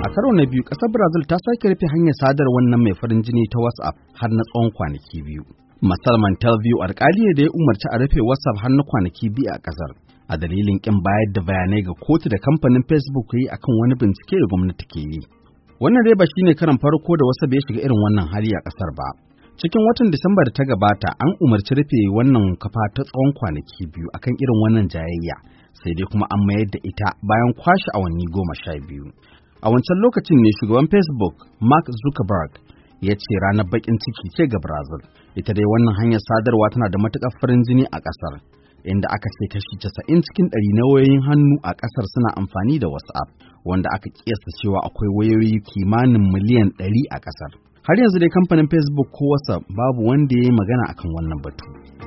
A karo na biyu, ƙasar Brazil ta sake rufe hanyar sadar wannan mai farin jini ta WhatsApp har na tsawon kwanaki biyu. Masalman Telview alkali ne da ya umarci a rufe WhatsApp har na kwanaki biyu a ƙasar. A dalilin ƙin bayar da bayanai ga kotu da kamfanin Facebook yi akan wani bincike da gwamnati ke yi. Wannan dai ba shi ne karan farko da wasu bai shiga irin wannan hali a ƙasar ba. Cikin watan Disamba da ta gabata an umarci rufe wannan kafa ta tsawon kwanaki biyu akan irin wannan jayayya. sai dai kuma an mayar da ita bayan kwashe awanni goma sha biyu. A wancan lokacin ne shugaban Facebook Mark Zuckerberg ya ce ranar bakin ciki ce ga Brazil. Ita dai wannan hanyar sadarwa tana da matuƙar farin jini a ƙasar, inda aka ce kashi casa'in cikin ɗari na wayoyin hannu a ƙasar suna amfani da WhatsApp, wanda aka kiyasta cewa akwai wayoyi kimanin miliyan ɗari a ƙasar. Har yanzu dai kamfanin Facebook ko WhatsApp babu wanda ya yi magana akan wannan batu.